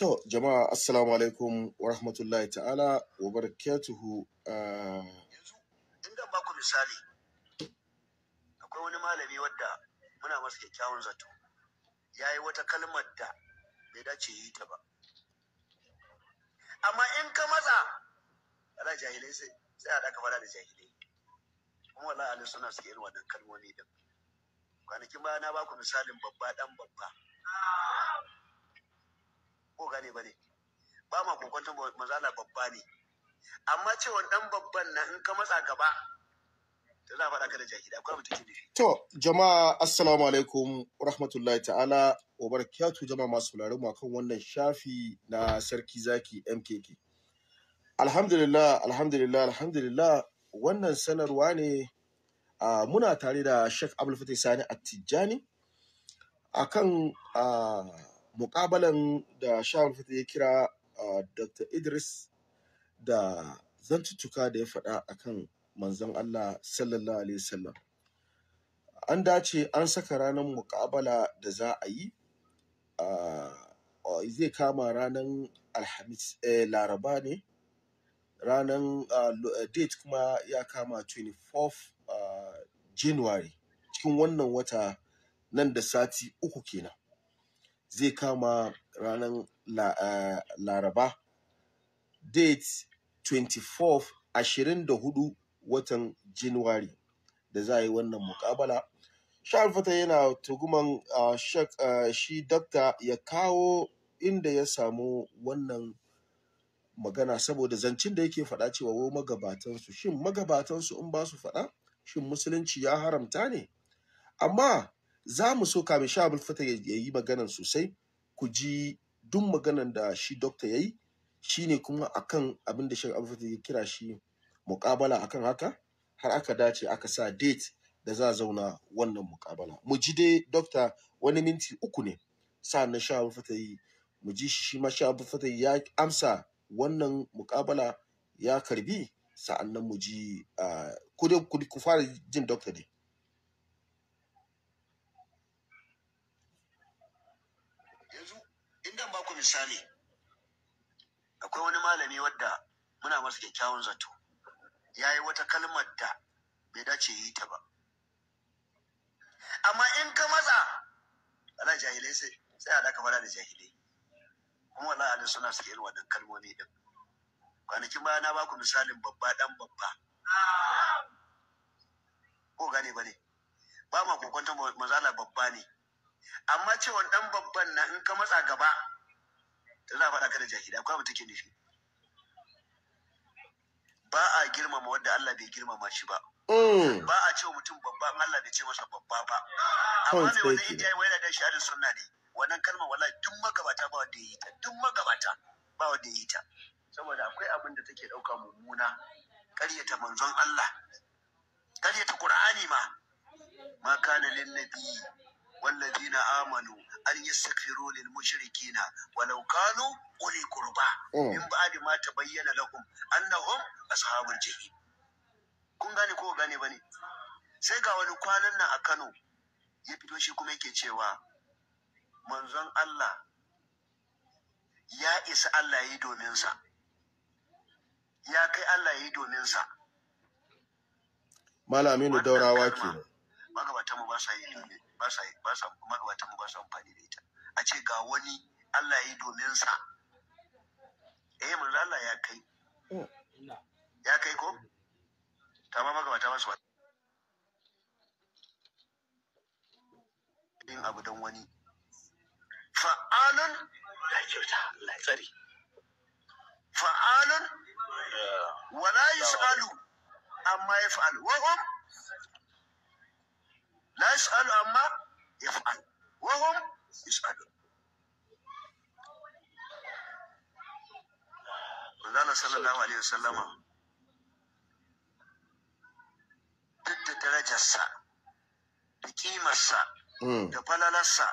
To, jama'a assalamu alaikum wa rahmatullahi ta'ala wa barakatuhu. Ah, Yanzu, inda ba ku misali, akwai wani malami wadda muna masu kyakkyawan zato, ya yi wata kalmar da bai dace yi ta ba. Amma in ka matsa, da jahilai sai sai a da fada da jahilai. Kuma wala alai suna suke irin wannan kalmomi din. Kwanakin baya na ba ku misalin babba dan babba. ko gane ba ne ba ma kokonta manzala babba ne amma cewa dan babban nan in ka matsa gaba to za a faɗa ka da jahili akwai mutum ke nufi. to jama'a assalamu alaikum rahmatullahi ta'ala wa barakatu jama'a masu sauraron mu akan wannan shafi na sarki zaki mkk alhamdulillah alhamdulillah alhamdulillah wannan sanarwa ne uh, muna tare da Sheikh Abdul Fatih Sani Attijani akan uh, muƙabalan da shawar fita ya kira uh, dr idris da zantuttuka da ya faɗa a kan manzon allah sallallahu alaihi wasallam an dace an saka ranar muƙabala da za a yi uh, zai kama ranar alhamis eh, laraba ne ranar uh, date kuma ya kama 24 january cikin wannan wata nan da sati uku kenan zai kama ranar eh, laraba date 24 24 watan Januwari, da za a yi wannan mukabala Sha fata yana tuguman ah, ah, shi dakta ya kawo inda ya samu wannan magana saboda zancen da yake faɗa cewa wo magabatansu shin magabatansu in ba su faɗa shin musulunci ya haramta ne amma za mu so kamin sha fata ya yi maganan sosai ku ji duk maganan da shi dokta ya yi shine kuma akan abin da shan fata ya kira shi muƙabala akan haka har aka dace aka sa date da za a zauna wannan muƙabala mu ji dai dokta wani minti uku ne sa'annan sha fata yi mu ji shi ma sha fata ya amsa wannan mukabala ya karbi nan mu ji ah, ku fara jin dokta ne. misali akwai wani malami wadda muna masa kyakkyawan zato ya yi wata kalmar da bai dace yi ta ba amma in ka matsa ala jahilai sai sai a da da jahilai kuma wala alin suna suke irin wannan kalmomi din kwanakin baya na baku misalin babba dan babba ko gane ba ne ba ma kokonta mazala babba ne amma cewa dan babban na in ka matsa gaba da za a faɗa ka da jahili akwai abu take nufi ba a girmama wanda Allah bai girmama shi ba mm. ba a ce mutum babba in Allah bai ce masa babba ba amma mai wannan ijiya wai da shi alin sunna ne wannan kalmar wala duk magabata ba wanda yi ta duk magabata ba wanda yi ta saboda akwai abin da take ɗauka mummuna ƙaryata manzon Allah ƙaryata Qur'ani ma ma kana lin nabi والذين آمنوا أن يستغفروا للمشركين ولو كانوا أولي قربى من بعد ما تبين لهم أنهم أصحاب الجحيم kun gane ko ba ne. sai ga wani kwanan nan a Kano ya fito shi kuma yake cewa manzon Allah ya isa Allah yi domin sa ya kai Allah yi domin sa da daurawa ke magabata mu ba sa yi domin ba ba su amfani da ita a ce ga wani Allah ya yi domin sa eh mun Allah ya kai ya kai ko ta ma magabata ba su yin abu don wani fa'alun da kyauta Allah tsari fa'alun wala yus'alu amma yaf'al wa hum la yas'alu amma yaf'al wa hum yas'alun Allah sallallahu alaihi wasallama duk da darajarsa da kimarsa da falalarsa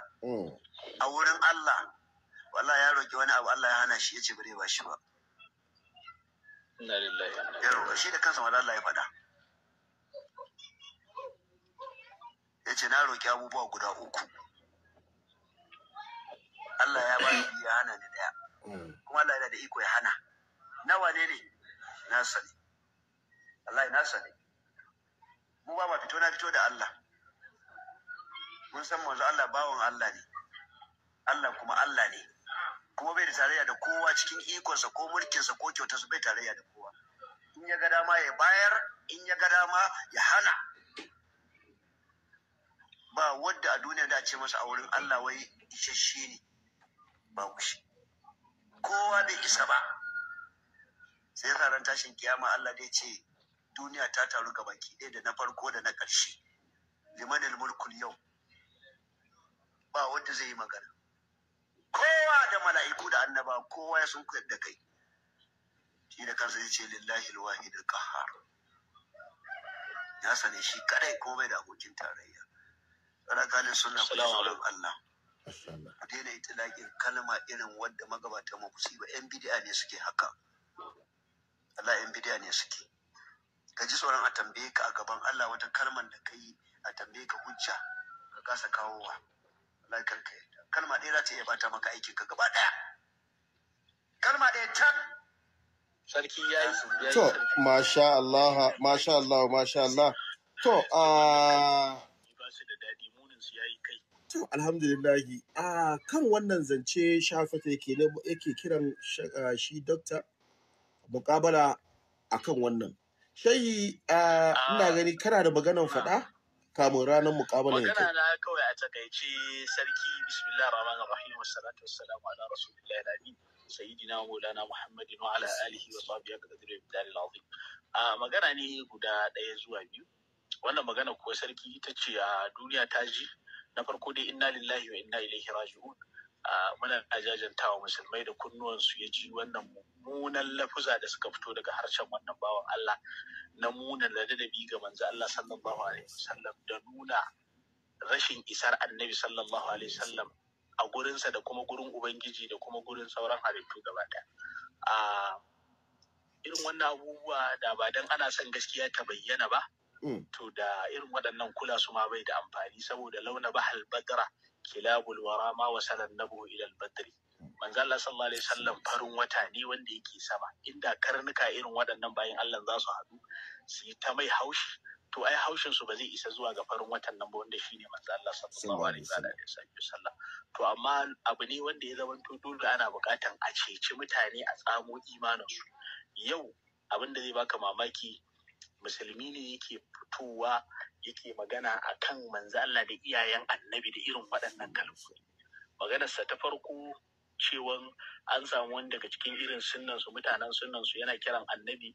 a wurin Allah wala ya roki wani abu Allah ya hana shi ya ce bare ba shi ba. Yarwa shi da kansa wanda ya faɗa. ya ce na roƙi abubuwa guda uku Allah ya ba ni ya hana ni daya mm. kuma Allah yana da iko ya hana nawa ne ne na sani Allah na sani mu ba ma fito na fito da Allah mun san manzo Allah bawan Allah ne Allah kuma Allah ne kuma bai da tarayya da kowa cikin ikonsa ko mulkinsa ko kyautarsa bai tarayya da kowa in ya ga dama ya bayar in ya ga dama ya hana ba wadda a duniya da ce masa a wurin Allah wai isasshe ne ba shi kowa bai isa ba sai yasa tashin kiyama Allah dai ce duniya ta taru ga baki ɗaya da na farko da na ƙarshe limanil mulkul yau ba wanda zai yi magana kowa da mala'iku da annaba kowa ya sun koyar da kai shi da kansa zai ce lillahi alwahid alqahhar ya sane shi kadai ko bai da abokin tarayya tsarakanin suna kulawa tsoron Allah. A daina itilaƙin kalma irin wadda magabata mu ku ba ‘yan bidiya ne suke haka. Allah ‘yan bidiya ne suke. Ka ji tsoron a tambaye ka a gaban Allah wata kalman da ka yi a tambaye ka hujja ka kasa kawowa. Allah kan ka yarda. Kalma ɗaya za ta iya bata maka aikin ka gaba ɗaya. Kalma ɗaya ta. Sarki ya yi. To, masha Allah, masha Allah, masha Allah. To, a ah, su yayi kai to alhamdulillahi a kan wannan zance shafata yake yake kiran shi dokta mukabala kan wannan shayi ina ah. gani kana da maganan ah. faɗa kamun ranar mukabala yake magana na kawai a takaice sarki bismillahir rahmanir rahim wassalatu wassalamu ala rasulillahi alamin sayyidina maulana muhammadin wa ala alihi wa sahbihi aqdar bidal azim a magana ne guda ɗaya zuwa biyu wannan magana kuwa sarki ita ce a duniya ta ji na farko dai inna lillahi wa inna ilaihi raji'un muna ajajantawa musulmai da kunnuwansu ya ji wannan mummunan lafuza da suka fito daga harshen wannan bawan Allah na munan ladabi ga manzo Allah sallallahu alaihi wasallam da nuna rashin isar annabi sallallahu alaihi wasallam a gurinsa da kuma gurin ubangiji da kuma gurin sauran halittu gaba ɗaya irin wannan abubuwa da ba dan ana son gaskiya ta bayyana ba Mm. to da irin waɗannan kula su ma bai da amfani saboda launa bahal badra kilabul wara ma wasalan nabu ila badri mm. manzo Allah sallallahu alaihi wasallam farin wata ne wanda yake sama inda karnuka irin waɗannan bayan Allah za su haɗu su yi ta mai haushi to ai haushin su ba zai isa zuwa ga farin watan nan ba wanda shine manzo Allah sallallahu alaihi wasallam to amma abu ne wanda ya zama to dole ana buƙatan a ceci mutane a tsamo imanin su yau abin da zai baka mamaki musulmi ne yake fitowa yake magana a kan Allah da iyayen annabi da irin waɗannan kalmomi maganarsa ta farko cewan an samu wani daga cikin irin sunnan su mutanen sunansu, yana kiran annabi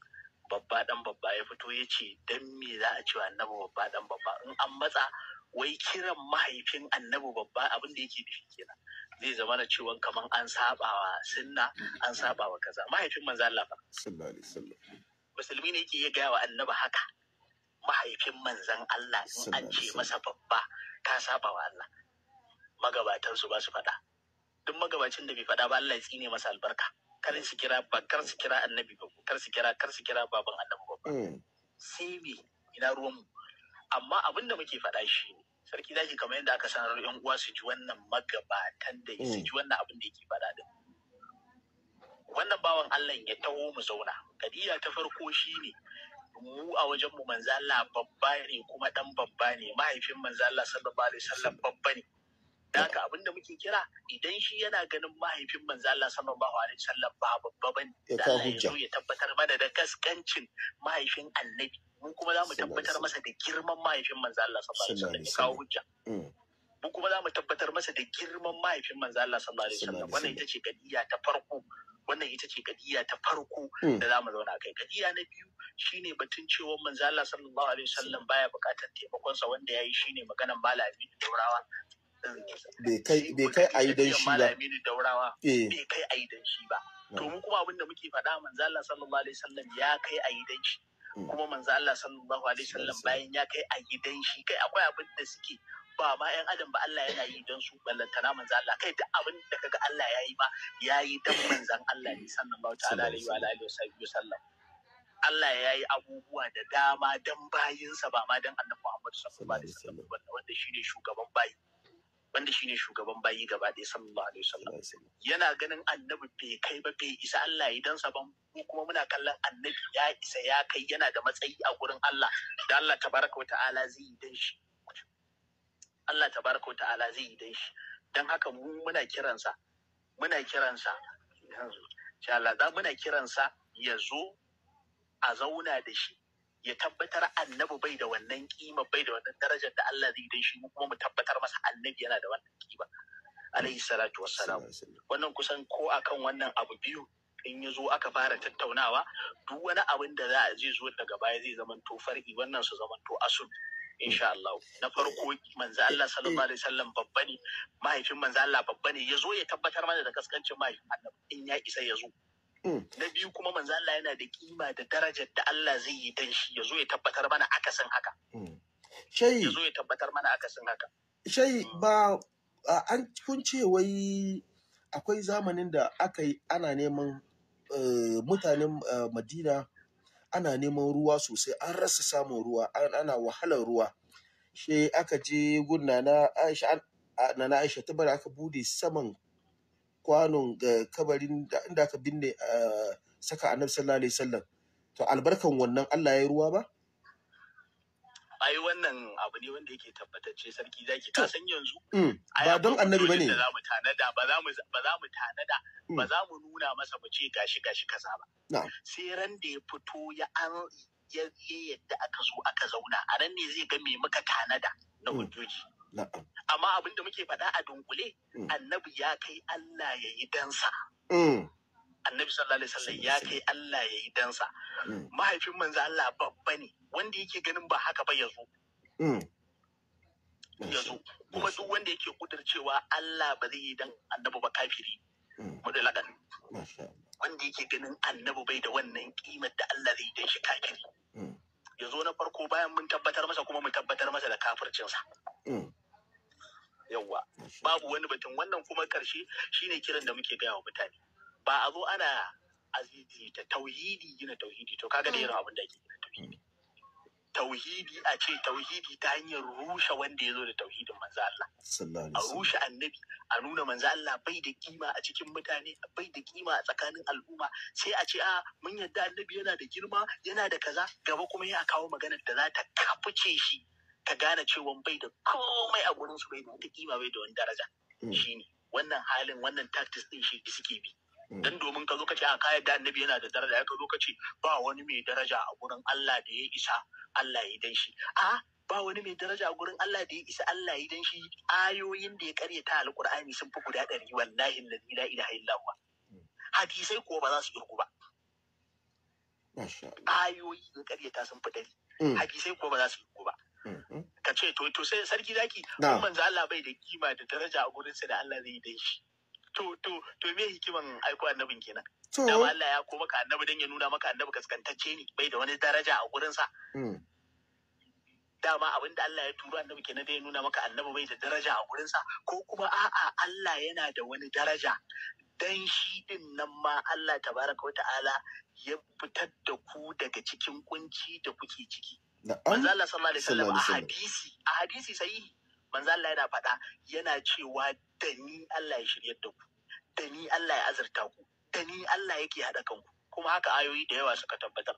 babba dan babba ya fito ya ce dan me za a ce annabi babba dan babba in an matsa wai kiran mahaifin annabi babba abin da yake nufi kenan zai zama da cewa kamar an sabawa sunna an sabawa kaza mahaifin manzo Allah fa sallallahu alaihi wasallam musulmi ne yake iya gaya wa annabi haka mahaifin manzan Allah in an ce masa babba ka saba wa Allah magabatan su ba su faɗa duk magabacin da bai faɗa ba Allah ya tsine masa albarka kar su kira ba kar su kira annabi ba kar su kira kar su kira baban annabi ba hmm. sai me ina ruwan amma abin da muke faɗa shi ne sarki zaki kamar yadda aka sanar yan uwa su ji wannan magabatan da hmm. su ji wannan abin da yake faɗa din wannan bawan Allah ya taho mu zauna kadiya ta farko shi ne mu a wajen mu manzo Allah babba ne kuma dan babba ne mahaifin manzo Allah sallallahu alaihi wasallam babba ne haka abin da muke kira idan shi yana ganin mahaifin manzo Allah sallallahu alaihi wasallam ba babba bane da Allah ya tabbatar mana da gaskancin mahaifin annabi mm. mu kuma za mu tabbatar masa da girman mahaifin manzo Allah sallallahu alaihi wasallam ya kawo hujja mu kuma za mu tabbatar masa da girman mahaifin manzo Allah sallallahu alaihi wasallam wannan ita ce gadiya ta farko wannan ita ce kadiya ta farko hmm. da za mu zauna kai kadiya na biyu shine batun cewa manzo Allah sallallahu alaihi wasallam baya bukatar taimakon sa wanda yayi shine maganan malami da daurawa bai kai bai kai ayi dan shi ba malami da daurawa eh. bai kai ayi dan shi ba to hmm. mu kuma abin da muke faɗa manzo Allah sallallahu alaihi wasallam ya kai ayi dan shi hmm. kuma manzo Allah sallallahu alaihi wasallam bayan ya kai ayi dan shi kai akwai abin da suke ba ma yan adam ba Allah yana yi don su na manzan Allah kai duk abin da kaga Allah ya yi ba ya yi don manzan Allah ne sallallahu ta'ala alaihi wa alihi wa sallam Allah ya yi abubuwa da dama don bayinsa ba ma don annabi Muhammad sallallahu alaihi wasallam ba wanda shine shugaban bayi wanda shine shugaban bayi gaba ɗaya sallallahu alaihi wasallam yana ganin annabi bai kai ba bai isa Allah yi don sa ban kuma muna kallon annabi ya isa ya kai yana da matsayi a gurin Allah da Allah tabaraka wa ta'ala zai yi dan shi Allah tabaraka wa ta'ala zai yi dan shi dan haka muna kiransa muna kiransa Allah za muna kiransa ya zo a zauna da shi ya tabbatar annabi bai da wannan kima bai da wannan darajar da Allah zai dai shi kuma mu tabbatar masa annabi yana da wannan kima alaihi salatu wassalam wannan kusan ko akan wannan abu biyu in ya zo aka fara tattaunawa duk wani abin da za a zai zo daga baya zai zamanto far'i wannan su zamanto asul insha Allah na farko manzo Allah sallallahu alaihi wasallam babba ne mahaifin manzo Allah babba ne yazo ya tabbatar mana da kaskancin mahaifin allah, in ya isa yazo hmm. na biyu kuma manzo Allah yana da kima da darajar da Allah zai yi dan shi yazo hmm. ya tabbatar mana akasin haka shayi yazo ya tabbatar mana akasin haka shayi ba an kun ce wai akwai zamanin da aka yi ana neman eh, mutanen eh, Madina ana neman ruwa sosai an rasa samun ruwa ana wahalar ruwa she aka je gun na aisha nana aisha ta aka bude saman kwanon ga eh, kabarin da inda aka binne eh, saka annabi sallallahu alaihi wasallam to albarkan wannan Allah ya yi ruwa ba ai wannan abu ne wanda yake tabbatacce sarki zaki ka san yanzu mm. ba don annabi bane ba za mu tanada ba za mu ba za mu tanada mm. ba za mu nuna masa mu ce gashi gashi kaza ba sai ran da ya fito ya an ya yadda aka zo aka zauna a ran ne zai ga me muka tanada na mm. hujjoji amma abinda muke faɗa a dunkule annabi ya kai Allah ya yi dansa annabi sallallahu alaihi wasallam ya kai Allah ya yi dansa mm. mahaifin manzo Allah babba ne wanda yake ganin ba haka ba Ya zo mm. kuma duk wanda yake kudurcewa Allah ba zai yi dan annabi ba kafiri mm. mudalakan wanda yake ganin annabi bai da wannan kimar da Allah zai dan shi kafiri zo na farko bayan mun tabbatar masa kuma mun tabbatar masa da kafircinsa yawwa babu wani batun wannan kuma karshe shine kiran da muke gaya wa mutane ba a zo ana aziji ta tauhidi gina tauhidi to kaga da abin da ake gina tauhidi tauhidi a ce tauhidi ta hanyar rushe wanda ya zo da tauhidin manzo Allah a rushe annabi a nuna manzo Allah bai da kima a cikin mutane bai da kima a tsakanin al'umma sai a ce a mun yadda annabi yana da girma yana da kaza gaba kuma ya kawo maganar da za ta kafuce shi ka gane cewa bai da komai a gurin su bai da kima bai da wani daraja mm. shine wannan halin wannan tactics din shi suke bi dan domin ka zo ka ce a ah, kayan da annabi yana da daraja ya ka zo ka ce ba wani mai daraja a gurin Allah da ya isa Allah ya dan shi a ba wani mai daraja a gurin Allah da ya isa Allah ya dan shi ayoyin da ya karyata alqur'ani sun fi guda ɗari wallahi allazi la ilaha illa huwa hadisai ko ba za su irgu ba ayoyi da karyata sun fi ɗari mm. hadisai ko ba za su irgu ba mm-hmm. ka ce to to sai sarki zaki manzo Allah bai da kima da daraja a gurin sa da Allah zai dan shi to to to me hikiman aiko annabin kenan to dama Allah ya ko maka annabi dan ya nuna maka annabi kaskantacce ne bai da wani daraja a gurin sa hmm. dama abin da Allah ya turo annabi kenan dai nuna maka annabi bai da daraja a sa ko kuma a'a Allah yana da wani daraja dan shi din nan ma Allah tabaraka wata'ala ya fitar da ku daga cikin kunci da kuke ciki. Manzo Allah sallallahu alaihi wasallam a hadisi a hadisi sahihi manzo Allah yana faɗa yana cewa da ni Allah ya shiryar da ku da ni Allah ya azurta ku da ni Allah yake haɗa kanku kuma haka ayoyi da yawa suka tabbatar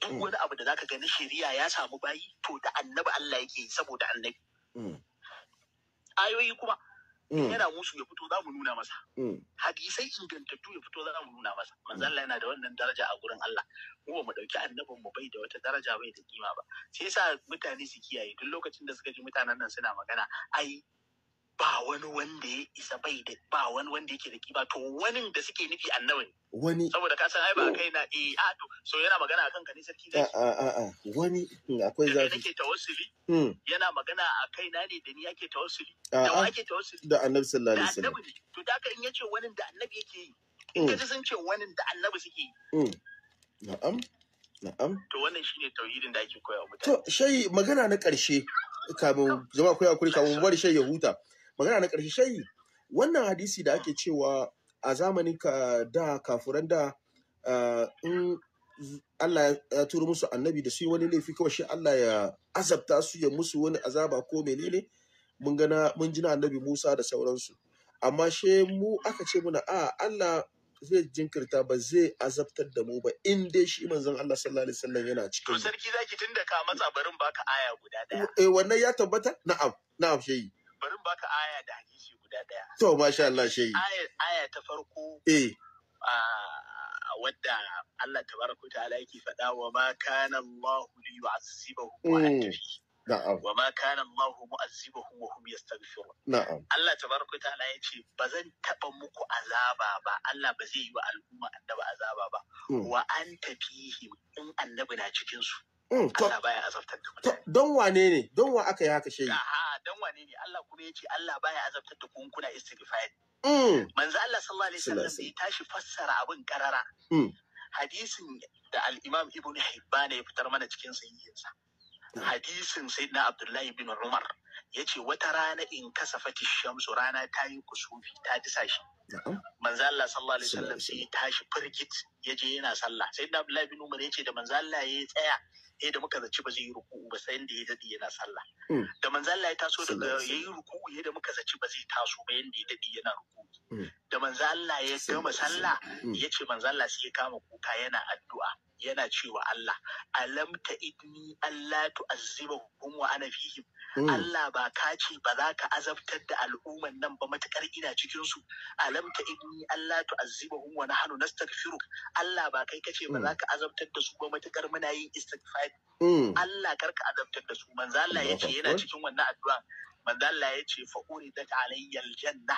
duk mm. wani abu da zaka ga na shiriya ya samu bayi to da annabi Allah yake saboda annabi mm. ayoyi kuma in mm. yana musu ya fito za mu nuna masa mm. hadisai ingantattu ya fito za mu nuna masa manzo Allah yana da wannan daraja a gurin Allah mu ba mu dauki annabin mu bai da wata daraja bai da kima ba sai yasa mutane su kiyaye duk lokacin da suka ji mutanen nan suna magana ai ba wani wanda ya isa bai da ba wani wanda yake da kiba to wani da suke nufi annabin wani saboda ka san ai ba oh. kai na eh a to so yana magana akan ka ne sarki da a a a wani hmm, akwai zafi yake tawassuli hmm. yana magana a kai na ne da ni yake tawassuli da wa yake tawassuli da annabi sallallahu alaihi wasallam to da ka in yace wani da annabi yake yi in hmm. ka sun ce wani da annabi suke yi na'am na'am to wannan shine tauhidin da ake koya wa mutane to shayi magana na karshe kamun jama'a koya kuri kamun bari shayi ya huta magana na ƙarshe shayi wannan hadisi da ake cewa a zamanin ka da kafuran da in Allah ya turo musu annabi da su yi wani laifi kawai shi Allah ya azabta su ya musu wani azaba ko menene mun gana mun jina annabi Musa da sauransu amma she mu aka ce muna a Allah zai jinkirta ba zai azabtar da mu ba in dai shi manzon Allah sallallahu alaihi wasallam yana cikin to sarki zaki tunda ka matsa barin baka aya guda daya eh wannan ya tabbata na'am na'am shehi barin baka aya da hadisi guda daya to masha Allah shehi aya ta farko eh wadda Allah tabaraka ta'ala yake faɗa wa ma kana Allah li yu'azzibahum wa mm. anta Na'am. Wa ma kana Allahu mu'azzibahum wa hum yastaghfirun. Na'am. Allah tabaraka ta'ala ya ce ba zan taba muku azaba ba Allah ba zai yi wa al'umma annaba azaba ba. Mm. Wa anta fihim in annabi na cikin su. Mm, Allah baya azabtar da mutane. Don wane ne? Don wa aka yi haka shehi? dan wane ne Allah kuma ya ce Allah baya azabtar da kunkuna kuna istighfari mm. manzo Allah sallallahu alaihi wasallam tashi fassara abin karara mm. hadisin da al-Imam Ibn Hibban ya fitar mana cikin sahihinsa mm. hadisin sayyidina Abdullahi bin Umar yace wata rana in kasafati shamsu rana ta yi kusufi ta disa shi manzo Allah sallallahu alaihi wasallam sai ya tashi firgit ya je yana sallah sai da Abdullahi bin Umar yace da manzo Allah ya tsaya sai da muka zaci ba zai yi ruku'u ba sai da ya dadi yana sallah mm. da manzo Allah ya taso daga yayi ruku'u ya da muka zaci ba zai taso ba yanda ya dadi yana ruku'u mm. da manzo Allah ya gama sallah mm. ya ce manzo Allah sai ya kama kuka yana addu'a yana cewa Allah alam ta idni Allah tu'azzibahum wa ana fihim mm. Allah ba ka ce ba za ka azabtar da al'umman nan ba matakar ina cikin su alam ta idni Allah tu'azzibahum wa nahnu nastaghfiruk Allah ba kai kace ba mm. za ka azabtar da su ba matakar muna yin istighfar Allah kar ka azabtar da su manzo Allah ce yana cikin wannan addu'a manzo Allah ce fa uridat alayya aljanna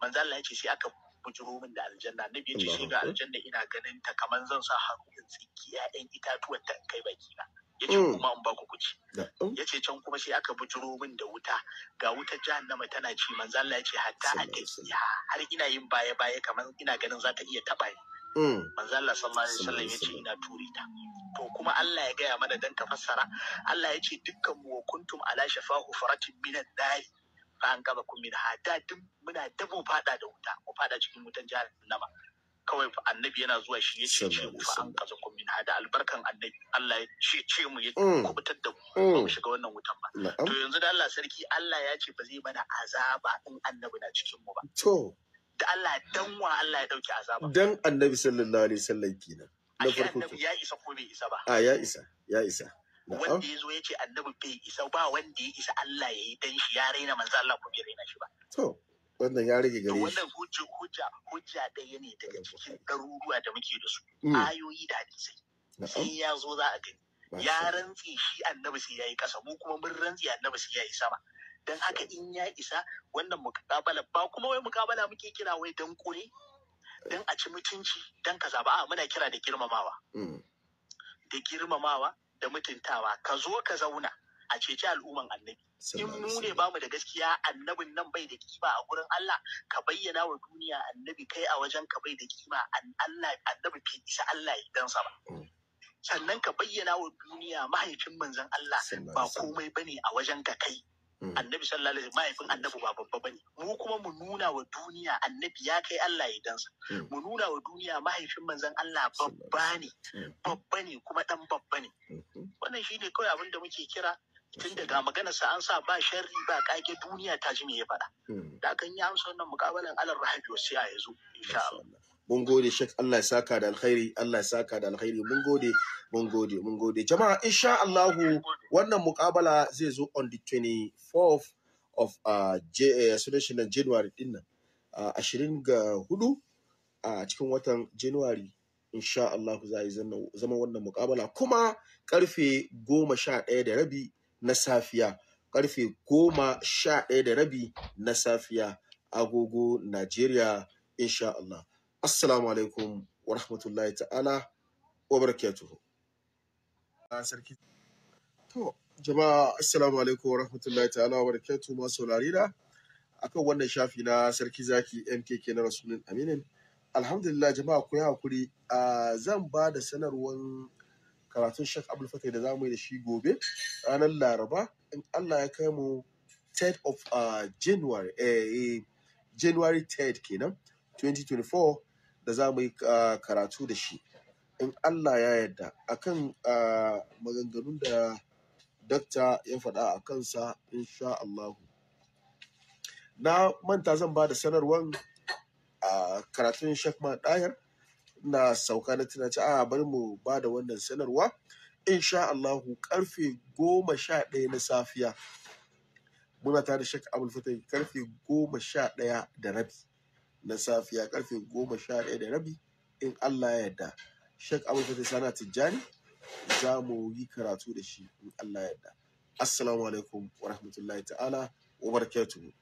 manzo Allah yace sai aka bujiro min da aljanna na yace sai ga aljanna ina ganin ta kamar zan sa haru in tsinki ƴaƴan itatuwan ta kai baki na yace mm. kuma in ba ku kuci mm. yace can kuma sai aka bujiro min da wuta ga wuta jihar jahannama tana ci manzo Allah yace hatta a tafiya har ina yin baya baya kaman ina ganin za ta iya taba ni mm. manzo Allah sallallahu alaihi wasallam yace ina turi ta to kuma Allah ya gaya mana dan ka fassara Allah yace dukkan mu kuntum ala shafahu faratin minan dari fa an gaba kun min hada duk muna dabo fada da wuta ko fada cikin wutan jahannama kawai fa annabi yana zuwa shi ya ce ce mu an kaza kun min hada albarkan annabi Allah ya ce ce mu ya mm. kubutar da mu mu mm. shiga wannan wutan ba to yanzu da Allah sarki Allah ya ce ba zai mana azaba in annabi na cikin mu ba to da Allah dan wa Allah ya dauki azaba dan annabi sallallahu alaihi wasallam kenan na farko ya isa ko bai isa ba a ya isa ya isa wanda ya zo ya ce annabi bai isa ba wanda ya isa Allah ya yi dan shi ya raina manzo Allah ko bai raina shi ba to wannan ya rage gare shi wannan hujja hujja hujja ɗaya ne daga cikin ɗaruruwa da muke da su mm. ayoyi da hadisai sai ya zo za a gani ya rantse shi annabi sai ya yi ƙasa mu kuma mun rantse annabi sai ya yi sama don haka in ya isa wannan mukabala ba kuma wai mukabala muke kira wai dan kure don a ci mutunci don kaza ba a muna kira da girmamawa mm. da girmamawa da mutuntawa ka zo ka zauna a ceci al'umman annabi in mu ne bamu da gaskiya annabin nan bai da kima a gurin Allah ka bayyana wa duniya annabi kai a wajen ka bai da kima Allah annabi fi isa Allah ya dan sa ba mm. sannan ka bayyana wa duniya mahaifin manzon Allah ba komai bane a wajen ka kai mm. annabi sallallahu alaihi mahaifin annabi ba babba bane mu kuma mu nuna wa duniya annabi ya kai Allah ya dansa mm. mu nuna wa duniya mahaifin manzon Allah babba ne babba ne kuma dan babba ne wannan shine kawai abin da muke kira tun daga magana sa an sa ba sharri ba kage duniya ta ji me ya faɗa. Hmm. Da kan yi amsa wannan mukabalan alal rahabi sai a yazo insha Allah. mun gode shek Allah ya saka da alkhairi Allah ya saka da alkhairi mun gode mun gode mun gode jama'a insha Allah wannan mukabala zai zo on the 24th of uh, J, eh, uh, January din nan a 24 a cikin watan January insha Allah za yi zama wannan mukabala kuma karfe goma sha ɗaya da rabi na safiya karfe goma sha ɗaya da rabi na safiya agogo Najeriya insha Allah assalamu alaikum wa rahmatullahi ta'ala wa barakatuhu ah, to jama'a assalamu alaikum wa rahmatullahi ta'ala wa barakatuhu masu Larida, akan wannan shafi na sarki zaki mkk na rasulun aminin alhamdulillah jama'a ku yi hakuri a zan ba da sanarwar karatun shek abul da za mu yi da shi gobe ranar laraba in allah ya kai mu 3rd of january eh, january 3rd kenan 2024 da za mu yi karatu da shi in allah ya yarda akan maganganun da dakta ya faɗa a kansa insha allahu na manta zan ba da sanarwar. a karatun shekman ɗayar na sauka na ci a bari mu ba da wannan sanarwa insha Allahu karfe goma sha ɗaya na safiya muna tare da shek abul fatai karfe goma sha ɗaya da rabi na safiya karfe goma sha ɗaya da rabi in Allah ya yarda shek abul fatai sana tijjani za mu yi karatu da shi in Allah ya yarda assalamu alaikum wa rahmatullahi ta'ala wa barakatuhu